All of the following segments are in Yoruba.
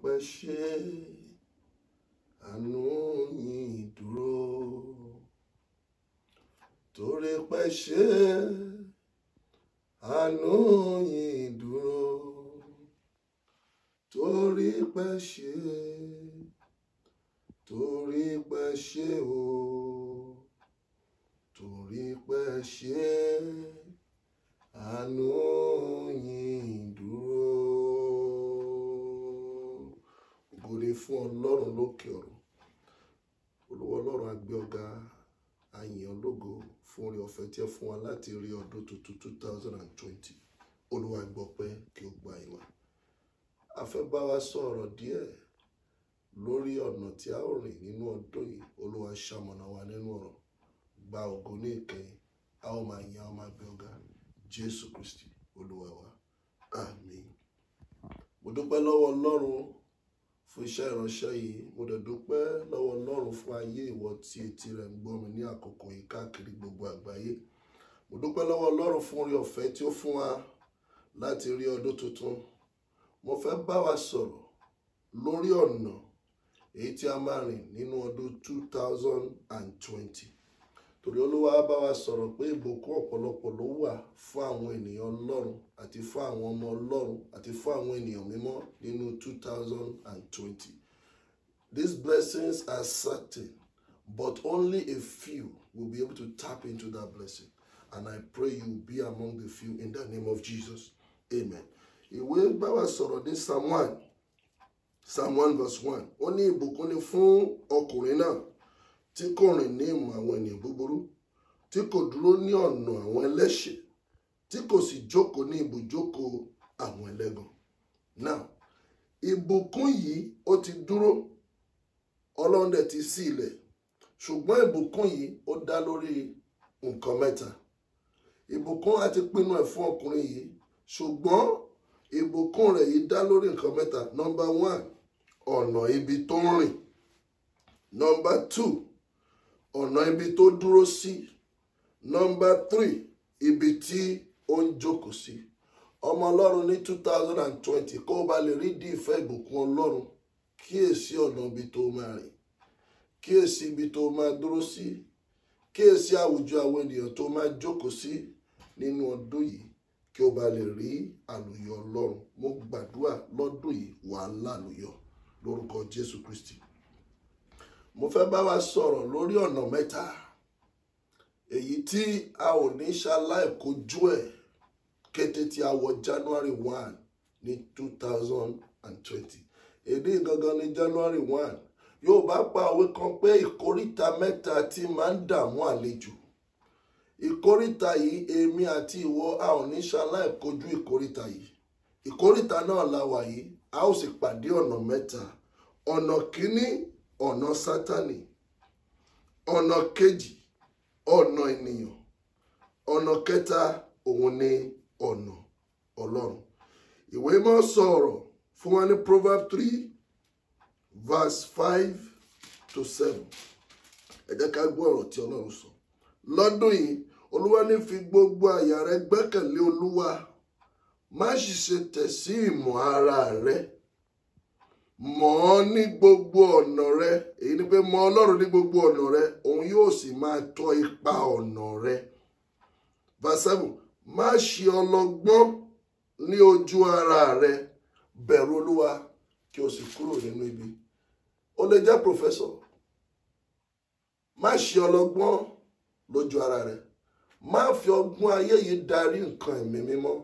pẹ́ ṣe àánú yìí dúró torí pẹ́ ṣe àánú yìí dúró torí pẹ́ ṣe torí pẹ́ ṣe o torí pẹ́ ṣe àánú. fún ọlọ́run lókè ọ̀run olúwa ọlọ́run a gbé ọ̀gá fún orí ọ̀fẹ́ tí ẹ fún wa láti rí ọdún tuntun two thousand and twenty kí o gba ìwà a fẹ́ bá díẹ̀ lórí ọ̀nà tí a ó rìn nínú ọdún gba ògo ní ìkẹyìn a ó máa yan fún iṣẹ́ ìránṣẹ́ yìí mo dẹ̀ dúpẹ́ lọ́wọ́ ọlọ́run fún ayé ìwọ tí etí rẹ̀ ń gbọ́ mi ní àkókò yìí káàkiri gbogbo àgbáyé mo dúpẹ́ lọ́wọ́ ọlọ́run fún orí ọ̀fẹ́ tí ó fún wa láti rí ọdún tuntun mo fẹ́ bá wa sọ̀rọ̀ lórí ọ̀nà èyí tí a máa rìn nínú ọdún 2020 torí olúwa bá wa sọ̀rọ̀ pé ìbùkún ọ̀pọ̀lọpọ̀ ló wà fún àwọn ènìyàn ọlọ́run àti fún àwọn ọmọ ọlọ́run àti fún àwọn ènìyàn mímọ́ nínú two thousand and twenty these blessings are certain but only a few will be able to tap into that blessing and I pray you be among the few in the name of Jesus amen. ìwé bá wa sọ̀rọ̀ ní psalm one psalm one verse one ó ní ìbùkún ni fún ọkùnrin náà tí kò rìn ní ìmọ̀ àwọn ènìyàn búburú tí kò dúró ní ọ̀nà àwọn ẹlẹ́ṣẹ̀ tí kò sì jókòó ní ibùjókòó àwọn ẹlẹ́gàn now ìbùkún yìí ó ti dúró ọlọ́run dẹ̀ ti ṣí ilẹ̀ ṣùgbọ́n ìbùkún yìí ó dá lórí nǹkan mẹ́ta ìbùkún àti pinnu ẹ̀ fún ọkùnrin yìí ṣùgbọ́n ìbùkún rẹ̀ yìí dá lórí nǹkan mẹ́ta number one ọ̀nà ibi tó ń rìn number two ọ̀nà ibi tó dúró sí nọmba three ibi tí ó ń jókòó sí ọmọ ọlọ́run ní two thousand and twenty kó o bá lè rí di ìfẹ́ ìbùkún ọlọ́run kíyèsí ọ̀nà ibi tó máa rìn kíyèsí ibi tó máa dúró sí kíyèsí àwùjọ àwọn ènìyàn tó máa jókòó sí nínú ọdún yìí kí o bá lè rí àlùyọ ọlọ́run mo gbàdúrà lọ́dún yìí wàá lálùyọ lórúkọ jésù kristi mo fẹ́ bá wa sọ̀rọ̀ lórí ọ̀nà mẹ́ta èyí tí a ò ní ṣaláì kojú ẹ̀ kété tí a wọ January one ní two thousand and twenty èdè gangan ní January one yóò bá pa òwe kan pé ìkóríta mẹ́ta tí máa ń dààmú àlejò ìkóríta yìí èmi àti ìwọ a ò ní ṣaláì kojú ìkóríta yìí ìkóríta náà la wà yìí a ó sì pàdé ọ̀nà mẹ́ta ọ̀nà kínní ọ̀nà satani, ọ̀nà kejì ọ̀nà ènìyàn ọ̀nà kẹta òun ni ọ̀nà ọlọ́run ìwé mọ́ sọ̀rọ̀ fún wa ní proverb three verse five to seven ẹ jẹ́ ká gbọ́ ọ̀rọ̀ tí ọlọ́run sọ lọ́dún yìí olúwa ní fi gbogbo àyà rẹ gbẹ́kẹ̀lé olúwa má sì ṣe tẹ̀ sí ìmọ̀ ara rẹ. mọ̀ ọ́ ní gbogbo ọ̀nà rẹ èyí ni pé mọ̀ ọlọ́run ní gbogbo ọ̀nà rẹ òun yóò sì máa tọ́ ipa ọ̀nà rẹ. vasamu má ṣe ọlọ́gbọ́n ní ojú ara rẹ bẹ̀rù olúwa kí o sì kúrò nínú ibi o lè jẹ́ pòfẹ́sọ̀ má ṣe ọlọ́gbọ́n lójú ara rẹ má fi ọgbọ́n ayé yìí darí nǹkan ẹ̀mí mímọ́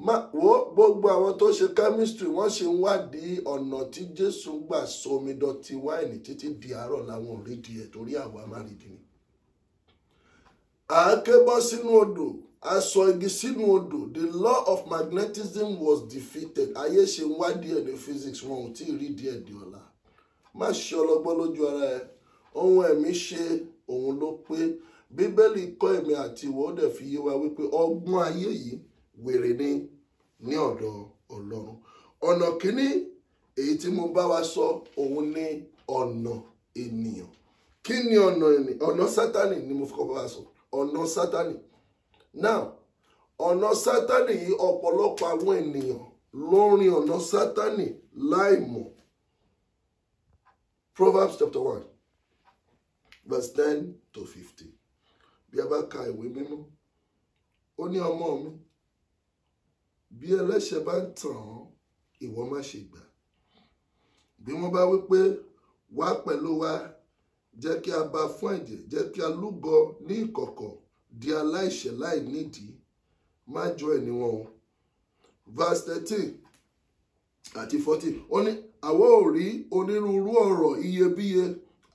wo gbogbo àwọn tó ṣe chemistry wọ́n ṣe ń wádìí ọ̀nà tí jésù gbà sọmidọ̀tí wáìnì títí di àárọ̀ làwọn ò rídìí ẹ̀ torí àwa má rídìí ni. à ń ké bọ́ sínú odò a igi sínú odò the law of magnetism was defeated ayé ṣe ń wádìí ẹ̀ physics wọn ò tí ì rídìí ẹ̀ di ọ̀la má ṣe ọlọ́gbọ́n lójú ara ẹ ohun ẹ̀mí ṣe òun ló pé bíbélì kọ́ ẹ̀mí àti ìwọ fi yé wa wípé ọgbọ́n ayé yìí wèrè ni ní ọ̀dọ̀ ọlọ́run ọ̀nà kínní èyí tí mo bá wa sọ òun ni ọ̀nà ènìyàn kí ni ọ̀nà ènìyàn ọ̀nà sátani ni mo fi kọ́ bá wa sọ ọ̀nà sátani now ọ̀nà sátani yìí ọ̀pọ̀lọpọ̀ àwọn ènìyàn ló rin ọ̀nà sátani láì mọ̀ Proverbs chapter one verse ten to fifty bí a bá ka ìwé mímọ́ ó ní ọmọ mi bí ẹlẹ́ṣẹ̀ bá ń tàn án má ṣe gbà bí wọ́n bá wí wá pẹ̀lú wa jẹ́ kí a bá fún ẹ̀jẹ̀ jẹ́ kí a lúgọ ní ìkọ̀kọ̀ di aláìṣẹ̀ láì nídìí má jọ ẹni wọn o verse thirteen àti fourteen ó ní àwa ò rí onírúurú ọ̀rọ̀ iyebíye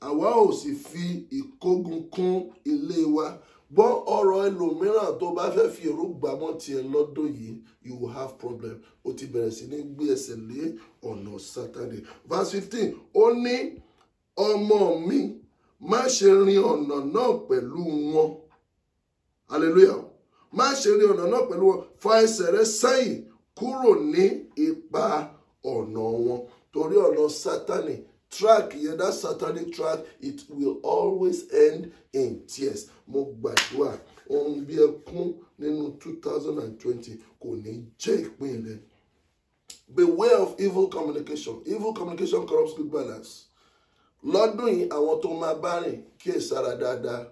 àwa ò sì fi ìkógun kún ilé wa gbọ́ ọ̀rọ̀ ẹlòmíràn tó bá fẹ́ fi èrò gbàmọ́ tiẹ̀ lọ́dún yìí you will have problem o ti bẹ̀rẹ̀ sí ní gbé ẹsẹ̀ lé ọ̀nà sátani verse fifteen ó ní ọmọ mi má ṣe rin ọ̀nà náà pẹ̀lú wọn hallelujah má ṣe rin ọ̀nà náà pẹ̀lú wọn fa ẹsẹ̀ rẹ sẹ́yìn kúrò ní ipa ọ̀nà wọn torí ọ̀nà sátani track yẹn that Saturday track it will always end in tears mo gbàdúrà ohun bí ẹkún nínú two thousand and twenty kò ní jẹ́ ìpín rẹ beware of evil communication evil communication corrupts good balance lọ́dún yìí àwọn tó máa bá rìn kíyèsára dáadáa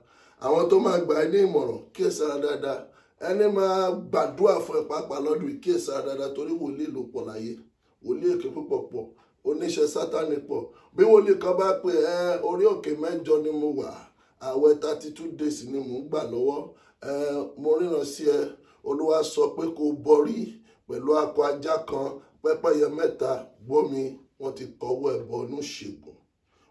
àwọn tó máa gbà ẹ́ ní ìmọ̀ràn kíyèsára dáadáa ẹni máa gbàdúrà fún ẹ pàápàá lọ́dún yìí kíyèsára dáadáa torí wòlíì ló pọ̀ láyé wòlíì èké púpọ̀ pọ̀ oníṣẹ́ sátánì pọ̀ bí wòlíì kan bá pè ẹ orí òkè mẹ́jọ ni mo wà àwẹ̀ thirty two days ni mò ń gbà lọ́wọ́ ẹ mo ríran sí ẹ olúwa sọ pé kó borí pẹ̀lú akọ ajá kan pẹ́pẹ́yẹ mẹ́ta gbómi wọ́n ti kọ́wọ́ ẹ̀bọnú ṣègùn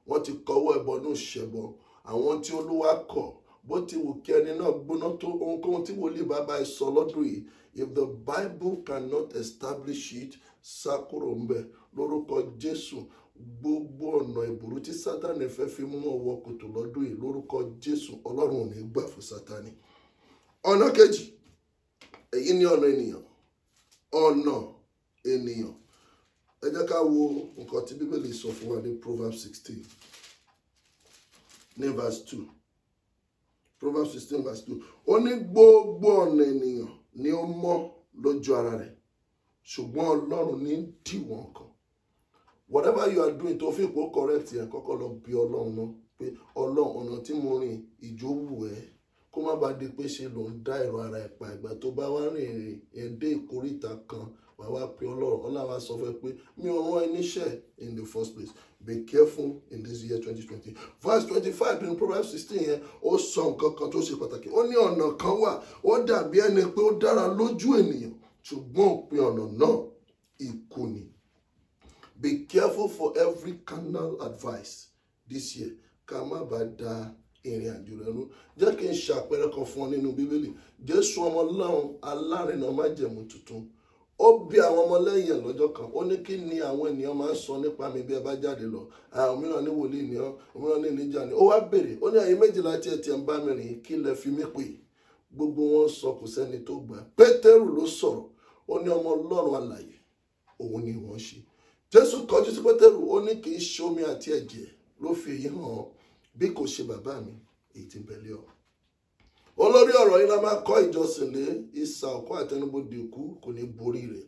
wọ́n ti kọ́wọ́ ẹ̀bọnú ṣẹ̀bọ àwọn tí olúwa kọ̀ bó ti wù kí ẹni náà gbóná tó ohunkóhun tí wòlíì bàbá ẹ sọ lọ́dún yìí if the bible cannot establish it sá kúrò ń bẹ lórúkọ jésù gbogbo ọ̀nà ìbùrú tí sátani fẹ́ fi mú ọwọ́ kòtò lọ́dún yìí lórúkọ jésù ọlọ́run ò ní gbà fún sátani ọ̀nà kejì èyí ni ọ̀nà ènìyàn ọ̀nà ènìyàn ẹ jẹ́ ká wo nǹkan tí bíbélì sọ fún wa ní proverbs sixteen ní verse two. Proverbs sixteen verse two ó ní gbogbo ọ̀nà ènìyàn ni ó mọ́ lójú ara rẹ̀ ṣùgbọ́n Ọlọ́run ní dìwọ̀n kan whatever you are doing tó fi kó correct yẹn kọ́kọ́ lọ bí Ọlọ́run náà pé Ọlọ́run ọ̀nà tí mo rìn ìjó wù ẹ́ kó má bàa di pé ṣe ló ń dá èrò ara ẹ̀ pa ìgbà tó bá wá rìn ìrìn ẹ̀ dé ìkórìtà kan wà wá pe ọlọ́run ọlọ́run wa sọ fún pé mi ò rán ẹ in the first place be careful in this year twenty twenty verse twenty five nínú proverbs sixteen yẹn ó sọ nǹkan kan tó ṣe pàtàkì ó ní ọ̀nà kan wà ó dàbí ẹni pé ó dára lójú ènìyàn ṣùgbọ́n òpin ọ̀nà náà ikú ni be careful for every carnal advice this year ká má bàa da ìrìn àjò rẹ rú jẹ́ kí n ṣàpẹẹrẹ kan fún ọ nínú bíbélì jésù ọmọ ọlọ́run alárinà májẹ̀mú tuntun ó bí àwọn ọmọlẹ́yìn lọ́jọ́ kan ó ní kí ni àwọn ènìyàn máa ń sọ nípa mi bí ẹ bá jáde lọ òmíràn ní wòlíì ni ọ́ òmíràn ní ìníjà ni ó wá béèrè ó ní àyè méjìlá tí ẹ ń bá mi rìn kí lẹ fi mí pè gbogbo wọn sọ kò sẹ́ni tó gbà pétérù ló sọ̀rọ̀ ó ní ọmọ ọlọ́run alàyè òun ni wọ́n ṣe jésù kọjú sí pétérù ó ní kì í ṣe omi àti ẹ̀jẹ̀ ló fi èyí hàn bí kò ṣe bàbá mi èyí bẹ̀lẹ́ ọ̀hún olórí ọ̀rọ̀ yìí la máa kọ́ ìjọsìn lé ìsà òkú àtẹnubodè ikú kò ní borí rẹ̀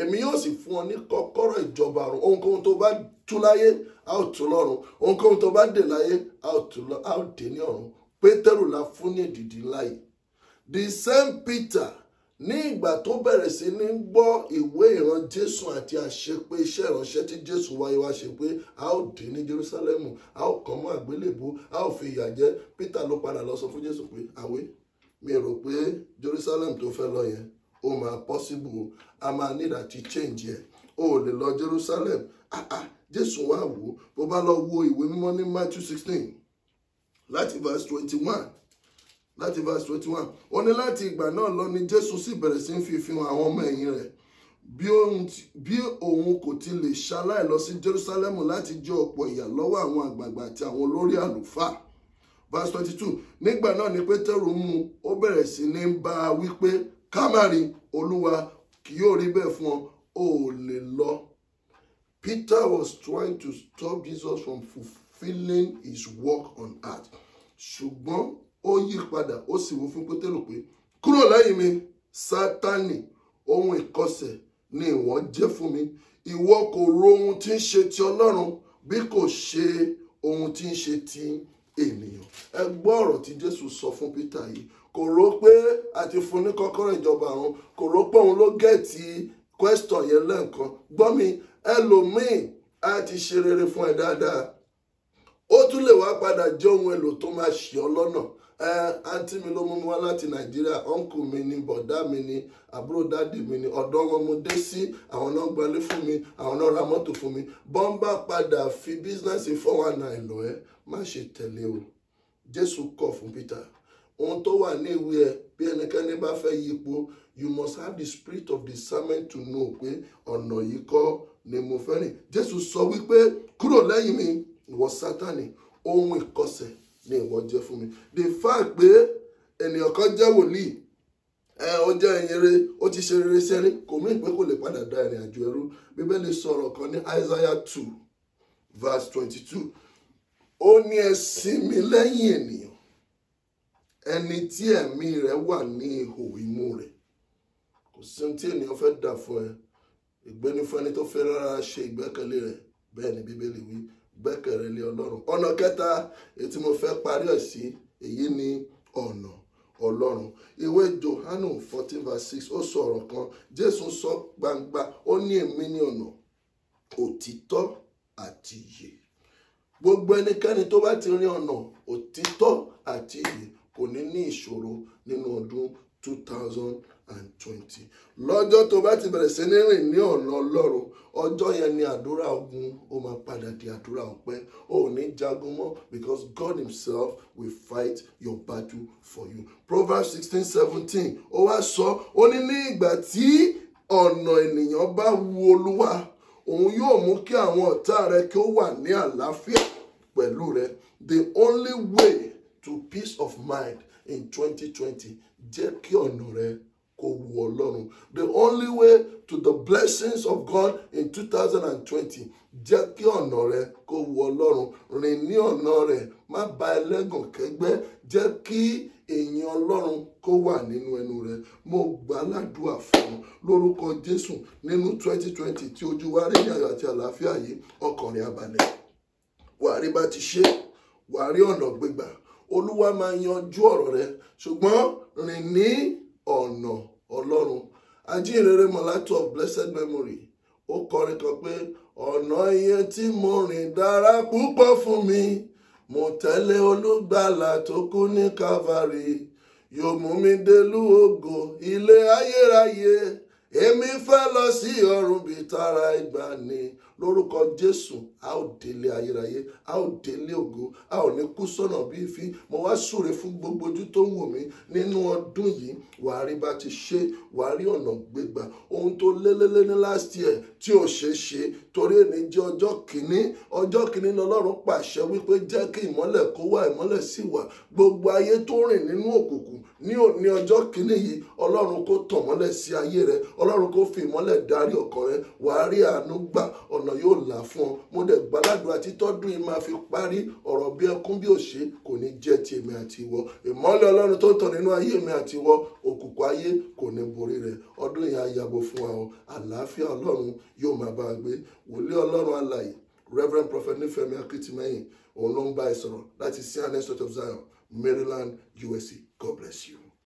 èmi yóò sì fún ọ ní kọ́kọ́rọ́ ìjọba ọ̀run ohunkóhun tó bá tú láyé a ó tú lọ́run ohunkóhun tó bá dè láyé a ó dè ní ọ̀run pétérù la fún ní èdìdì láyé the same Peter ní ìgbà tó bẹ̀rẹ̀ sí ní gbọ́ ìwé ìran jésù àti àṣepé iṣẹ́ ìránṣẹ́ tí jésù wáyé wá ṣe pé a ó dé ní jerusalemu a ó kàn mọ́ àgbélébù a ó fi ìyà jẹ peter ló padà lọ sọ fún jésù pé àwé mi rò pé jerusalem tó fẹ́ lọ yẹn ó máa possible a máa need àti change yẹn o ò lè lọ jerusalem ah ah jésù wá wò bó bá lọ wo ìwé mímọ́ ní matthew sixteen láti verse twenty-one láti verse twenty one ó ní láti ìgbà náà lọ ni jésù sì bẹ̀rẹ̀ sí fi fi hàn àwọn ọmọ ẹ̀yìn rẹ̀ bí òun kò ti lè ṣaláì lọ sí jerusalemu láti jẹ ọ̀pọ̀ ìyà lọ́wọ́ àwọn àgbààgbà àti àwọn olórí àlùfáà verse twenty two nígbà náà ni pétérù mú ó bẹ̀rẹ̀ sí ní bá a wípé kámárì olúwa kì yóò rí bẹ́ẹ̀ fún ọ ò lè lọ Peter was trying to stop Jesus from fulfilling his work on earth ṣùgbọ́n ó yí padà ó sì wò fún pétérù pé kúrò lẹ́yìn mi sátánì ohun ìkọsẹ̀ ni ìwọ jẹ́ fún mi ìwọ kò ro ohun tí ń ṣe ti ọlọ́run bí kò ṣe ohun tí ń ṣe ti ènìyàn ẹ gbọ́ ọ̀rọ̀ tí jésù sọ fún peter yìí kò rò pé àti fún ní kọ́kọ́rọ́ ìjọba àwọn kò rò pé òun ló gẹ̀ẹ́tì question yẹn lẹ́ǹkan gbọ́ mi ẹlòmíì á ti ṣe rere fún ẹ dáadáa ó tún lè wá padà jẹ́ ohun èlò tó máa ṣì ọ́ lọ́nà anti mi ló mú mi wá láti nàìjíríà ọ̀nkù mi ni bọ̀dá mi ni àbúrò dáàdì mi ni ọ̀dọ́ wọn mo dé sí àwọn náà fún mi àwọn náà ra mọ́tò fún mi bọ́ńbà padà fi bísínẹ́sì four one nine lọ ẹ́ má ṣe tẹ̀lé o jésù kọ̀ fún peter ohun tó wà ní ìwé ẹ bí ẹnikẹ́ni bá fẹ́ you must have the spirit of discernment to know pé ọ̀nà yìí kọ́ ni mo fẹ́ rìn jésù sọ wípé kúrò lẹ́yìn mi ìwọ sátani ohun ìkọsẹ̀ ni ìwọ jẹ́ fún mi the fact pé ènìyàn kan jẹ́ wòlíì ẹ ó jẹ́ ìyẹnre ó ti ṣe rere sẹ́rí kò mí pé kò lè padà da ìrìn àjò ẹrú bíbélì sọ̀rọ̀ kan ní Isaiah two verse twenty-two ó ní ẹ sinmi lẹ́yìn ènìyàn ẹni tí ẹ̀mí rẹ̀ wà ní ihò imú rẹ̀ kò sí ohun tí ènìyàn fẹ́ dà fún ẹ ìgbéni fún ẹni tó fẹ́ rárá ṣe ìgbẹ́kẹ̀lé rẹ̀ bẹ́ẹ̀ ni bíbélì wí gbẹ́kẹ̀rẹ́ lé ọlọ́run ọ̀nà kẹta èyí tí mo fẹ́ parí ẹ̀ sí èyí ni ọ̀nà ọlọ́run ìwé johanu fourteen verse six ó sọ ọ̀rọ̀ kan jésù sọ gbangba ó ní èmi ní ọ̀nà òtítọ́ àti ìyè gbogbo ẹnikẹ́ni tó bá ti rí ọ̀nà òtítọ́ àti ìyè kò ní ní ìṣòro nínú ọdún two thousand and twenty lọ́jọ́ tó bá ti bẹ̀rẹ̀ sí ní rìn ní ọ̀nà ọlọ́run ọjọ́ yẹn ni àdúrà ogun ó máa padà di àdúrà ọpẹ́ ó ní jagun mọ́ because God himself will fight your battle for you Proverbs sixteen seventeen ó wá sọ ó ní ní ìgbà tí ọ̀nà ènìyàn bá wu olúwa òun yóò mú kí àwọn ọ̀tá rẹ kí ó wà ní àlàáfíà pẹ̀lú rẹ the only way to peace of mind in twenty twenty jẹ́ kí ọ̀nà rẹ kó wu ọlọ́run the only way to the blessings of God in two thousand and twenty jẹ́ kí ọ̀nà rẹ kó wu ọlọ́run rìn ní ọ̀nà rẹ má bá ẹlẹ́gàn kẹ́gbẹ́ jẹ́ kí èyí ọlọ́run kó wà nínú ẹnu rẹ mo gbàládùá fún lórúkọ jésù nínú twenty twenty tí ojú wa rí ní ayọ̀ àti àlàáfíà yìí ọkàn rẹ abalẹ̀ wàá rí bá ti ṣe wàá rí ọ̀nà gbégbà olúwa máa yanjú ọ̀rọ̀ rẹ ṣùgbọ́n rìn ní ọ̀nà ọlọ́run ajínrere mọ̀látù of blessed memory ó kọrin kan pé ọ̀nà iye tí mo rìn dára púpọ̀ fún mi mo tẹ̀lé olùgbàlà tó kú ní Calvary yóò mú mi délú ògo ilé ayérayé èmi fẹ́ lọ sí ọ̀run bíi tara ìgbàanì lórúkọ Jésù a ó délé ayérayé a ó délé ògo a ò ní kú sọ́nà bí ìfín mo wá súre fún gbogbo ojú tó ń wò mí nínú ọdún yìí wàá rí bá ti ṣe wàá rí ọ̀nà gbégbà ohun tó lélélé ní last year tí ò ṣeé ṣe torí èmi jẹ́ ọjọ́ kìíní ọjọ́ kìíní lọ́lọ́run pàṣẹ wípé jẹ́ kí ìmọ́lẹ̀ kó wà ìmọ́lẹ̀ sì wà gbogbo ayé tó rìn nínú òkùnkùn ní òní ọjọ́ kìíní yìí ọlọ́run kó tàn mọ́lẹ̀ sí ayé rẹ ọlọ́run kó fi ìmọ́lẹ̀ darí ọkàn rẹ wàá rí àánú gbà ọ̀nà yóò là fún ọ mo dẹ̀ gbàládùn àti tọ́dún yìí máa fi parí ọ̀rọ̀ bí ẹkún bí òṣè kò ní jẹ́ ti èmi àti ìwọ ìmọ́lẹ̀ ọlọ́run tó tàn nínú ayé mi àti ìwọ òkùnkùn ayé kò ní borí rẹ̀ ọdún yìí á yàgò fún wa o àlàáfíà ọlọ́run yóò máa bá a gbé wòlé ọlọ́run alàyè reverend prophet nífẹ̀mí akitimehin òun ló ń bá ẹ sọ̀rọ̀ láti cns church of zion maryland usa god bless you.